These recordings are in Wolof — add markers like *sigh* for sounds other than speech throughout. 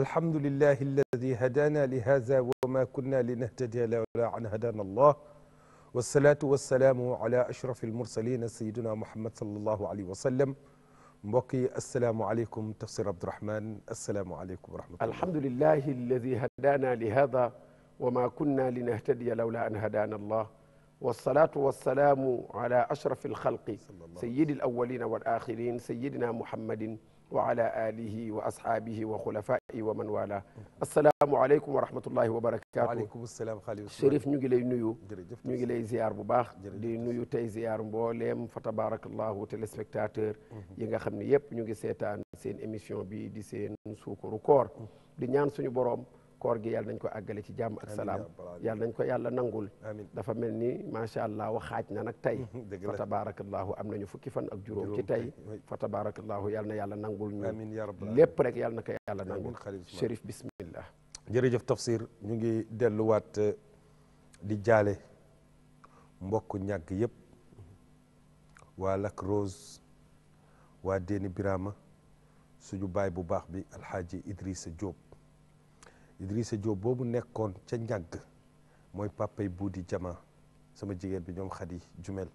alhamdulillahi alladi hadana li hada wa ma kunna linahtadiya lawla an hadana allah wasalaatu wasalaamu ala ashrafi almursalina sayiduna muhammad salallahu alayhi wa sallam mbokk yi asalaamualeykum tafsir abdourahman asalaamualeykum wa rahmatullah alhamdulillahi alladi hadana li hada wa ma kunna linahtadiya lawla an hadana allah والصلاة والسلام على أشرف الخلق سيد الأولين والآخرين سيدنا محمد wa ala alihi wa ashaabihi wa xulafaa'i wa man wala asalaamualeykum wa rahmatullahi wa barakaatu. waaleykum salaam xaalif Chérif ñu ngi lay nuyu. ñu ngi lay ziar bu baax. di nuyu tey ziar mbooleem fa tabaarakallahu téléspectateur. Mhm. yi nga xam ne yépp ñu ngi seetaan seen émission bi di seen suukaru koor. Mhm. di ñaan suñu boroom. koor gi yàlla nañ ko àggale ci jàmm ak salaam yàlla nañ ko yàlla nangul dafa mel ni macha allah xaaj na nag tey *laughs* fa tabarakallahu am nañu fukki fan ak juróom ci tey fa tabarakallahu yàlla na yàlla nangul ñu lépp rek yàlla na ko yàlla nangul chérif bismillah jërëjëf tafsir ñu ngi delluwaat euh, di jaale mbokk ñàgg yëpp waa Lac Rose waa Déni Birama suñu baay bu baax bi alxaaji Idrissa Diop Idrissa Diop boobu nekkoon ca ñàgg mooy papay di jama sama jigéen bi ñoom xadi jumel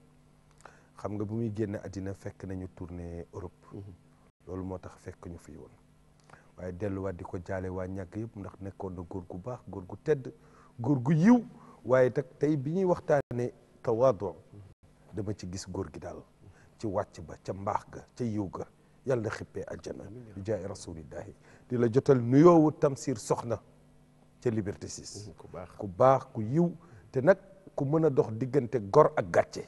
xam nga bu muy génn àddina fekk nañu tournée Europe mhm. loolu moo tax fekk ñu fii woon waaye delluwaat di ko jaale waa ñàgg yëpp ndax nekkoon na góor gu baax góor gu tedd góor gu yiw waaye nag tey bi ñuy waxtaanee tawaadoo dama ci gis góor gi daal ci wàcc ba ca mbaax ga ca yiw ga yàlla na xippee àjjana bi jaay rasulillahi di la jotal nuyoowu Tamsir soxna ca Liberté 6. Mm, ku baax ku baax ku yiw te nag ku mën a dox diggante gor ak gàcce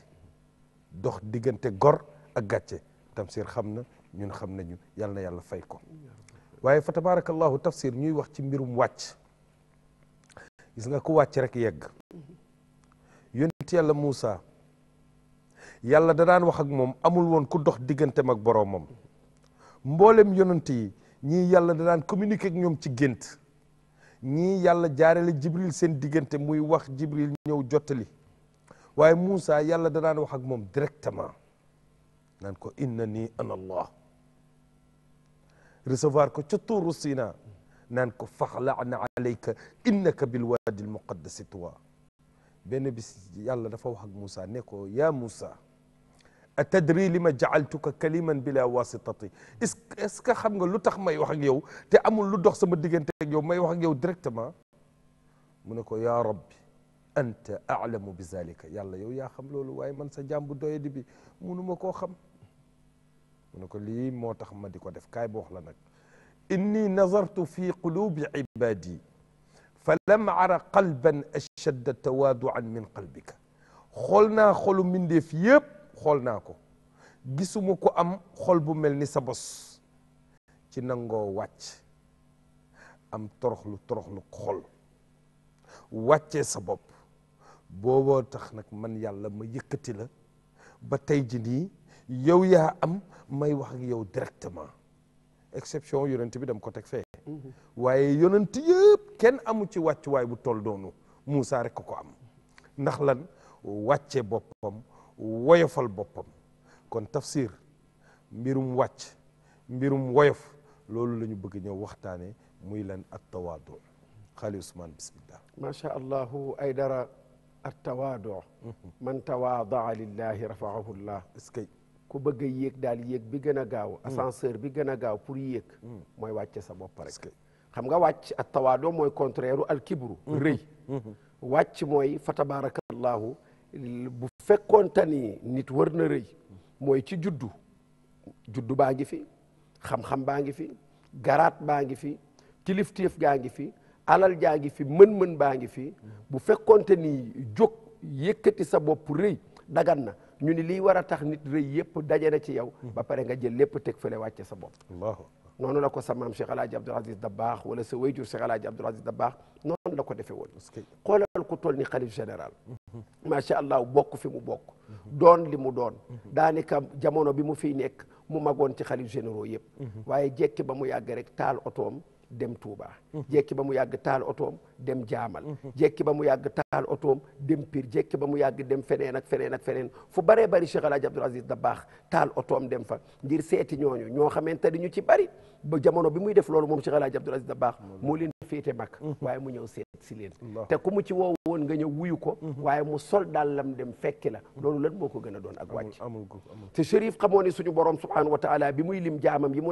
dox diggante gor ak gàcce Tamsir xam na ñun xam nañu yàlla na yàlla fay ko waaye fa tabaarakallahu tafsir ñuy wax ci mbirum wàcc gis nga ku wàcc rek yegg yonent yàlla Moussa yàlla da daan wax ak moom amul woon ku dox digganteem ak boroomam mboolem yonent yi ñii yàlla da daan communiquer ak ñoom ci gént ñii yàlla jaarale jibril seen diggante muy wax jibril ñëw jottali waaye Moussa yàlla danaan wax ak moom directement naan ko inna nii ana allah recevoir ko ca tuuru Sina naan ko faxlana alayka innaka bilwaadi almuqaddasi tuwa benn bis yàlla dafa wax ak Moussa ne ko yaa Moussa atadri li ma jaaltuka kaliman bila wasitati est ce que xam nga lu tax may wax ak yow te amul lu dox sama diggante ak yow may wax ak yow directement mu ne ko yaa rabbi anta alamu bi zalika yàlla yow yaa xam loolu waaye man sa jàmbu doyadi bi munuma koo xam mu ne ko lii moo tax ma di ko def kaay bo wax la nag inni nazartu fi qulubi ibadi falam ara qalban ashadda tawaduan min qalbika xool naa xolu mbindeef yëpp xool naa ko gisuma ko am xol bu mel ni sa bos ci nangoo wàcc am toroxlu toroxlu xol wàccee sa bopp booboo tax nag man yàlla ma yëkkati la ba tey ji nii yow yaa am may wax ak yow directement exception yonent bi dam ko teg fee mm-hmm. waaye yonent yëpp kenn amu ci wàccuwaay bu toll doonu Moussa rek ko am ndax lan wàcce boppam woyofal boppam kon tafsir mbirum wàcc mbirum woyof loolu la ñu bëgg ñëw waxtaane muy lan at tawaadu xaali Ousmane bismillah macha allahu ay dara at tawaadu mhm. man tawaadaa lillahi rafaahu llah est-ce ku bëgg a daal yéeg bi gën a gaaw mhm. ascenseur bi gën a gaaw pour yéeg mhm. mooy wàcce sa bopp rek xam nga wàcc at tawaadu mooy contraire u al kibru rëy wàcc mooy fa tabaarakallahu bu fekkoonte ni nit wër na rëy mooy ci juddu juddu baa ngi fi xam-xam baa ngi fi garaat baa ngi fi kilifteef gaa ngi fi alal jaa ngi fi mën-mën baa ngi fi bu fekkoonte ni jóg yëkkati sa bopp rëy dagan na ñu ni lii war a tax nit rëy yëpp daje na ci yow ba pare nga jël lépp teg fële wàcce sa bopp noonu la ko sa maam Cheikh Alaaji Abdoul wala sa wayjur Cheikh Alaaji Abdoul Aziz Dabakh noonu la ko defe woon ku toll ni xalif général macha allah bokk fi mu bokk doon li mu doon daanaka jamono bi mu fi nekk mu magoon ci xalif généraux yëpp waaye jekki ba mu yàgg rek taal otoom dem Touba. jekki ba mu yàgg taal otoom dem jaamal jekki ba mu yàgg taal otoom dem Pire jekki ba mu yàgg dem feneen ak feneen ak feneen fu baree bari Cheikh El Hadj Abdoul Aziz Dabakh taal otoom dem fa ngir seeti ñooñu ñoo xamante ni ñu ci bari ba jamono bi muy def loolu moom Cheikh El Hadj Abdoul Aziz féete bakk mhm. waaye mu ñëw seet si leen te ku mu ci woo woon nga ñëw wuyu ko mhm. waaye mu sol daal lam dem fekki la mhm. loolu lan moo ko gën a doon ak wàcc te Chérif xamoo ne suñu subhanahu wa taala bi muy lim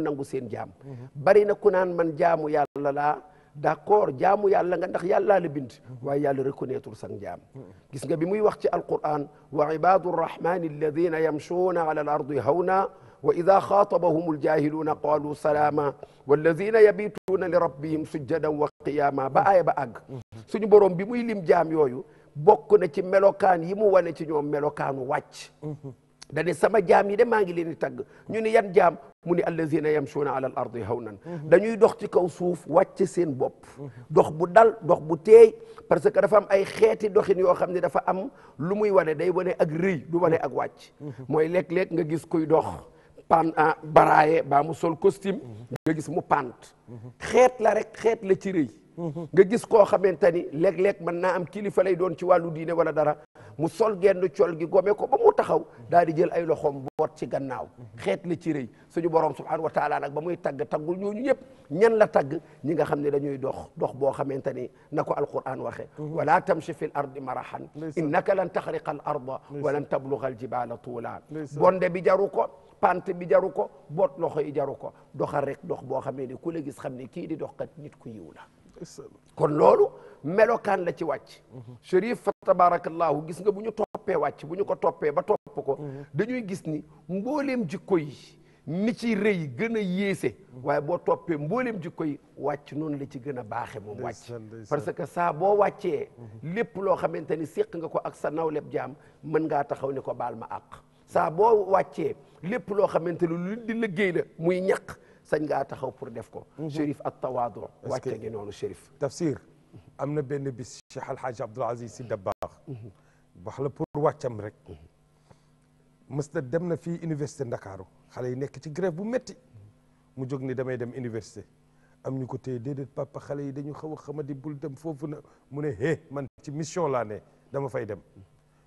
nangu seen jaam bari na man jaamu yàlla laa d'accord jamu yàlla nga ndax yàllaa la bind waaye yàlla reconnaître sang jaam gis nga bi muy wax ci alquran wa ibadu rrahmani alladina yamshuuna ala al ardi hawna wa ida xaatabahum aljahiluuna qaalu salaama walladina yabituuna li rabbihim sujjadan wa qiyaama ba aaya ba àgg suñu borom bi muy lim jaam yooyu bokk na ci melokaan yi mu wane ci ñoom melokaanu wàcc da sama jaam yi de maa ngi leen di tagg ñu ne yan jaam mu ni ne allazina yamshuuna ala al ardi hawnan mhm. dañuy dox ci kaw suuf wàcc seen bopp dox bu dal dox bu teey parce que dafa am ay xeeti doxin yoo xam ne dafa am lu muy wane day wane ak rëy du wane ak wàcc mhm. mooy léeg-léeg nga gis kuy dox pan ah, baraaye baa mu sol costume mhm. nga gis mu pant xeet la rek xeet la ci rëy nga gis koo xamante ni léeg lek mën naa am kilifa lay doon ci wàllu diine wala dara mu sol genn col gi gome ko ba mu taxaw daal di jël ay loxoom boot ci gannaaw xeet la ci rëy suñu borom subhanahu wa taala nag ba muy tagg taggul ñooñu ñëpp ñan la tagg ñi nga xam ne dañuy dox dox boo xamante ni na ko alquran waxe mm-hmm. wala tamshi fi l ardi marahan innaka lan taxriqa al arda wa lan tabluga al jibala tuula bonde bi jaru ko pante bi jaru ko boot loxo yi jaru ko doxal rek dox boo xamee ni ku la gis xam ne kii di dox kat nit ku yiw la kon loolu melokaan la ci wàcc chérif fa tabarakallahu gis nga bu ñu toppee wàcc bu ñu ko toppee ba topp ko dañuy gis ni mbooleem jikko yi ni ci rëy gën a yéese waaye boo toppee mbooleem jikko yi wàcc noonu la ci gën a baaxe moom wàcc parce que saa boo wàccee lépp loo xamante ni séq nga ko ak sa nawleb jaam mën ngaa taxaw ni ko baal ma àq saa boo wàccee lépp loo xamante ni lu di liggéey la muy ñaq sañ ngaa taxaw pour def ko. Mhm. Chérif at tawaadu. wàcce gi noonu Chérif. Tafsir am na benn bis Cheikh Al Hadj si Aziz Sy Dabakh. Mhm. wax la pour wàccam rek. Mhm. mës na dem na fii université Ndakaaru xale yi nekk ci grève bu métti. mu jóg ni damay dem université. am ñu ko téye déedéet papa xale yi dañu xaw a xamadi bul dem foofu na mu ne hé man ci mission laa ne dama fay dem.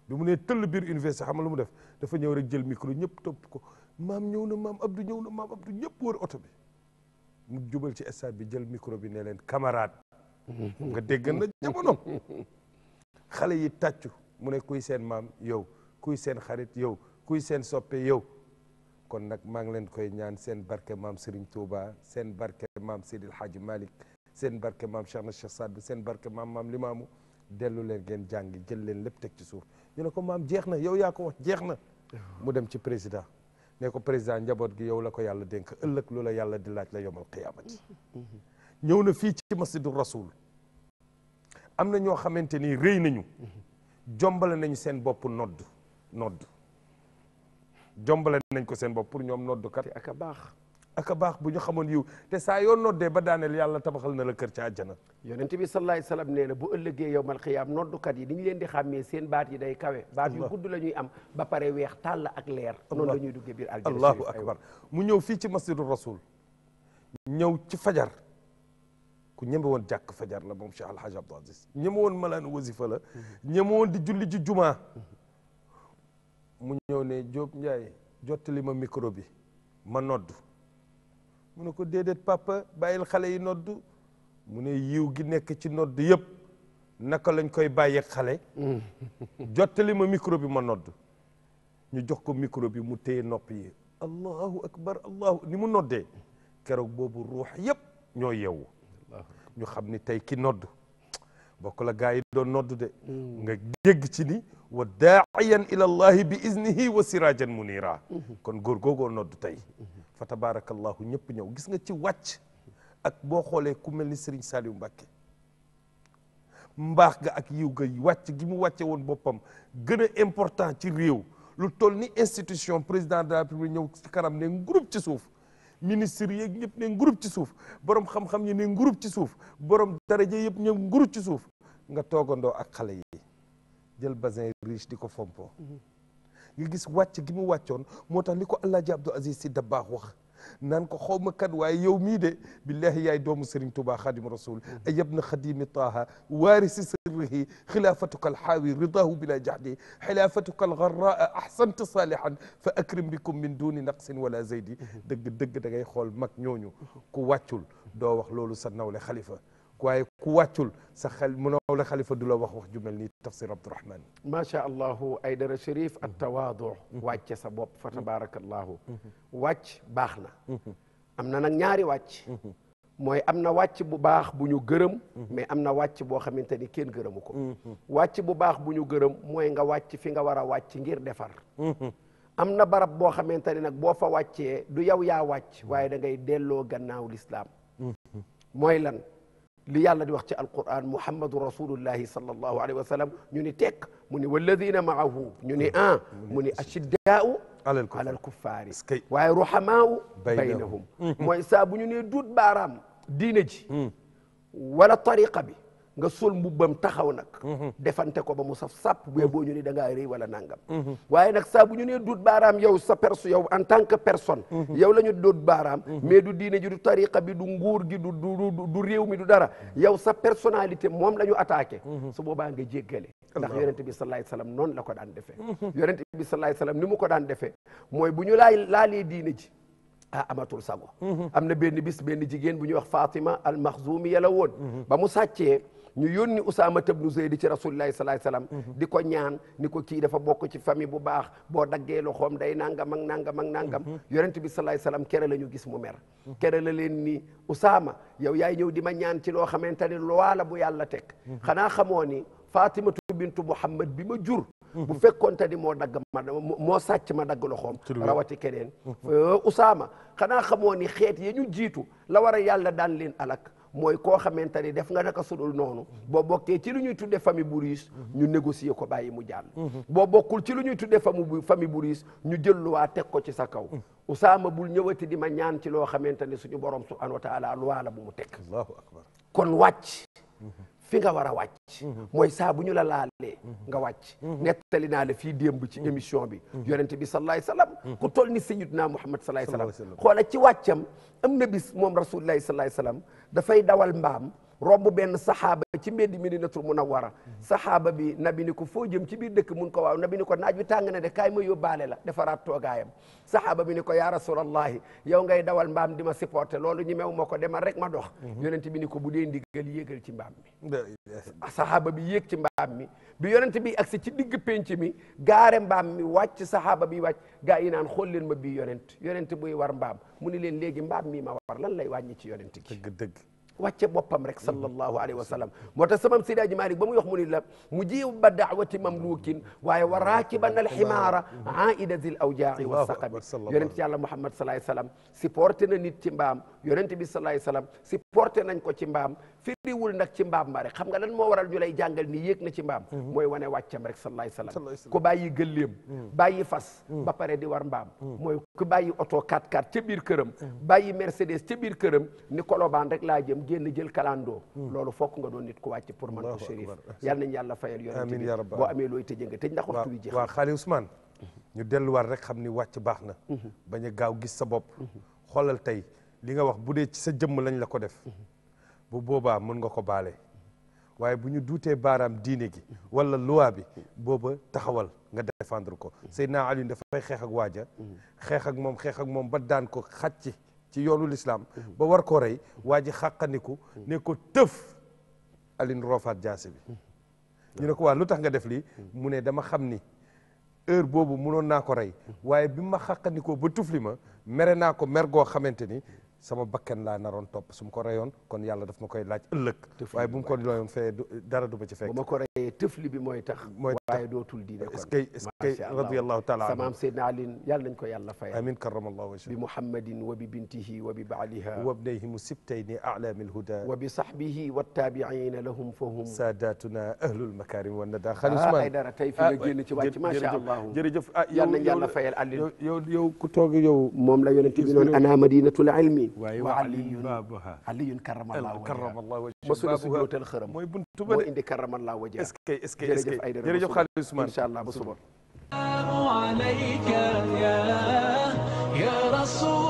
bi mu ne tëll biir université xam lu mu def dafa ñëw rek jël micro ñëpp topp ko. maam ñëw na maam Abdou ñëw na maam Abdou ñëpp wër oto bi mu jubal ci stade bi jël micro bi ne leen camarade nga dégg na jamono xale yi tàccu mu ne kuy seen maam yow kuy seen xarit yow kuy seen soppe yow kon nag maa ngi leen koy ñaan seen barke maam Serigne Touba seen barke maam Seydil Hadji Malick seen barke maam Cheikh na Cheikh Saad seen barke maam maam Limaamu dellu leen geen jàngi jël leen lépp teg ci suuf ñu ne ko maam jeex na yow yaa ko wax jeex na mu dem ci président ne ko président njaboot gi yow la ko yàlla dénk ëllëg loola yàlla di laaj la yomal qiyaamati ñëw na fii ci masjidu rasul am na ñoo xamante ni rëy nañu jombale nañu seen boppu nodd nodd jombale nañ ko seen bopp pour ñoom noddkat ak a baax aka baax bu ñu xamoon yiw te saa yoon noddee ba daaneel yàlla tabaxal na la kër ca àjjana yonent bi sallallahu alayhi wasallam nee na bu ëllëgee yowmal xiyaam noddukat yi ni leen di xàmmee seen baat yi day kawe baat yu gudd la ñuy am ba pare weex tàll ak leer noonu la ñuy duggee biir aljana allahu akbar mu ñëw fii ci masjidu rasul ñëw ci fajar ku ñeme woon jàkk fajar la moom Cheikh Alhaji Abdou Aziz ñeme woon malaan wasifa la mhm. ñeme woon di julli ci jumaa mhm. mu ñëw ne Diop Ndiaye jottali ma bi ma noddu mu ne ko déedéet papa bàyyil xale yi nodd mu ne yiw gi nekk ci nodd yëpp naka lañ koy bàyyi xale *laughs* jottali ma micro bi ma nodd ñu jox ko micro bi mu téye nopp yi allahu akbar allahu ni mu noddee keroog boobu ruux yëpp ñoo yeewu ñu xam ni tey ki nodd bokk la gaa yi doon nodd de mm. nga dégg ci ni wa daaiyan ila allahi bi iznihi wa sirajan munira mm-hmm. kon góor googoo nodd tey mm-hmm. fa tabaarakallaahu ñëpp ñëw gis nga ci wàcc ak boo xoolee ku mel ni Serigne Saliou Mbacké mbaax ga ak yiw ga wàcc gi mu wàcce woon boppam gën a important ci réew lu toll ni institution président de la République ñëw ci kanam ne groupe ci suuf ministre yeeg ñëpp ne groupe ci suuf borom xam-xam yi ne groupe ci suuf borom daraje yëpp ne groupe ci suuf nga toogandoo ak xale yi jël basin riche di ko fompo mhm. nga gis wàcc gi mu wàccoon moo tax li ko Alaaji Abdou Aziz Sy Dabakh wax naan ko xaw ma kat waaye yow mii de billahi yaay doomu Serigne Touba Khadim Rasoul mhm. ayab na Khadimi Taha waarisi sirrihi xilaafatuka alxaawi ridahu bila jahdi xilaafatuka algarraa ahsanta salihan fa akrim bikum min duni naqsin wala zaydi mhm. dëgg dëgg da ngay xool mag ñooñu ku wàccul doo wax loolu sa nawle xalifa waaye ku wàccul sa xel mënoo la xalifa du la wax wax ju mel ni tafsir abdourahman macha allahu aydara chérif ak tawaadu wàcce sa bopp fa tabarakallahu wàcc baax na am na nag ñaari wàcc mooy am na wàcc bu baax bu ñu gërëm mais am na wàcc boo xamante ni kenn gërëmu ko wàcc bu baax bu ñu gërëm mooy nga wàcc fi nga war a wàcc ngir defar am na barab boo xamante ni nag boo fa wàccee du yow yaa wàcc waaye da ngay delloo gannaaw lislaam mooy lan li yàlla di wax ci alquran muhammadu rasulullahi sallallahu alayhi wa sallam ñu ni tekk mu ni walladina maahu ñu ni ah mu ni ashiddaau ala alkuffaari waaye ruhamaau baynahum hmm. mooy saa bu ñu nee duut baaraam diine ji hmm. wala tariqa bi nga sol mbubbam taxaw nag mhm. defante ko ba mu saf sàpp bu boo ñu ni da ngaa rëy wala nangam mhm. waaye nag saa bu ñu nee duut baaraam yow sa perso yow en tant que personne mhm. yow la ñu duut baaraam mais du diine ji du tariqa bi du nguur gi du du mi du dara yow sa personnalité moom la ñu attaqué su boobaa nga jéggale ndax yonente bi sallallahu alayhi la ko daan defee yonente bi sallallahu ni mu ko daan defee mooy bu ñu laay laalee diine ji ah amatul sago am na benn bis benn jigéen bu ñuy wax Fatima al ñu yónni Usaama tabnu Zeydi ci rasulillahi salaay salaam. Mm-hmm. di ko ñaan ni ko kii dafa bokk ci famille bu baax boo daggee loxoom day nangam ak nangam ak nangam. Mm-hmm. yonent bi salaay salaam kere la ñu gis mu mer. Mm-hmm. kere la leen ni Usaama yow yaay ñëw di ma ñaan ci loo xamante ne loo la bu yàlla teg. xanaa xamoo ni Fatimatu bintu Muhammad bi ma jur. bu fekkoonte ni moo dagg ma moo sàcc ma dagg loxoom rawati keneen usaama xanaa xamoo ni xeet ya ñu jiitu la war a yàlla daan leen alak mooy koo xamante ni def nga naka sudul noonu boo bokkee ci lu ñuy tuddee famille bu riche ñu négocier ko bàyyi mu jàll boo bokkul ci lu ñuy tuddee famille famille bu riche ñu jël luwaa teg ko ci sa kaw usaama bul ñëwati di ma ñaan ci loo xamante ni suñu borom subhanahu wa taala luwaa la bu mu teg allahu akbar kon wàcc fi nga war a wàcc mhm. mooy saa bu ñu la laalee mhm. nga wàcc mhm. nettali naa la fii démb ci émission bi yonente bi sallallahu alayhi wasallam ku toll ni sayyidina Muhammad sallallahu alayhi wasallam xoola ci wàccam am na bis moom rasulullahi sallallahu alayhi wasallam dafay dawal mbaam romb benn saxaaba ci mbedd Madinatul Munawwara saxaaba bi nabi ni ko foo jëm ci biir dëkk mun ko waaw nabi ni ko naaj bi tàng na de kaay ma yóbbaale la defaraat toogaayam saxaaba bi ni ko yaa rasulallahi yow ngay dawal mbaam di ma supporté loolu ñi mew ma ko demal rek ma dox mhm. yonent bi ni ko bu dee ndigal yéegal ci mbaam mi saxaaba bi yéeg ci mbaam mi bi yonent bi agsi ci digg pénc mi gaare mbaam mi wàcc saxaaba bi wàcc gaa yi naan xool leen ma bii yonent yonent buy war mbaam mu ni leen léegi mbaam mi ma war lan lay wàññi ci yonent gi dëgg dëgg wàcce boppam rek mm-hmm. sallallahu alayhi wa sallam moo tax samam sidaaji Malik ba muy wax mu ni la mu jiw ba daawati mamlukin waaye wa raakiban alximaara aida zil awjaa'i wa saqami yonent yàlla Muhammad salaay salaam supporté na nit ci mbaam yonent bi salaay salaam supporté nañ ko ci mbaam firiwul nag ci mbaam ma rek xam nga lan moo waral ñu lay jàngal ni yéeg na ci mbaam mm-hmm. mooy wane wàccam rek salaay salaam ku bàyyi gëlleem mm. bàyyi fas mm. ba pare di war mbaam mm. mooy ku bàyyi oto 4 x ca biir këram bàyyi Mercedes ca biir këram ni kolobaan rek laa jëm génn jël kalandoo hmm. loolu fokk nga doon nit ku wàcc pour man ko chérif yal nañ yàlla fayal yonent bi boo amee looy tëjë nga tëj ndax waxtu wi jeex waaw xaali Ousmane ñu delluwaat rek xam ni wàcc baax na hmm. bañ a gaaw gis sa bopp hmm. xoolal tey li nga wax bu dee ci sa jëmm lañ la ko def bu boobaa mën nga ko baale waaye bu ñu duutee baaraam diine gi wala luwaa bi booba taxawal nga défendre ko naa alin dafay xeex ak waaja xeexak moom xeex moom ba daan ko xàcc ci yoonu lislaam ba war koo rey waa ji xàqaniku ne ko tëf Aline Rofaat Jaase bi ñu ne ko waa lu tax nga def lii mu ne dama xam ni heure boobu mënoon naa ko rey waaye bi ma xàqanikoo ba tufli ma mere naa ko mer goo xamante ni sama bakkan laa naroon topp su ma ko reyoon kon yàlla daf ma koy laaj ëllëg waaye bu mu ko reyoon fee dara du ma ci fekk bu ma ko reyee tëfli bi mooy tax mooy tax waaye dootul diine kon est-ce que est-ce que radiyallahu taala anhu samaam Seydina Alin yàlla nañ ko yàlla fay amin karamallahu wajhu bi muhammadin wa bi bintihi wa bi baaliha wa bnayhim sibtayni a'lamil huda wa bi sahbihi wa tabi'ina lahum fahum saadatuna ahlul makarim wa nada xaalis ah, man ay dara tey fi nga ah, génn ci wàcc ma sha allah jërëjëf ah, yàlla nañ yàlla fayal Alin yow yow ku toog yow moom la yonente bi noon ana madinatul ilmi ni wa aliyun aliyun karamallahu wajhahu mosula sujootal xërëm mooy buntu ba moo indi karamallahu wajhahu est-ce que est-ce que jërëjëf Aïdara jërëjëf Khalil Ousmane incha allah ba suba alayka ya ya rasul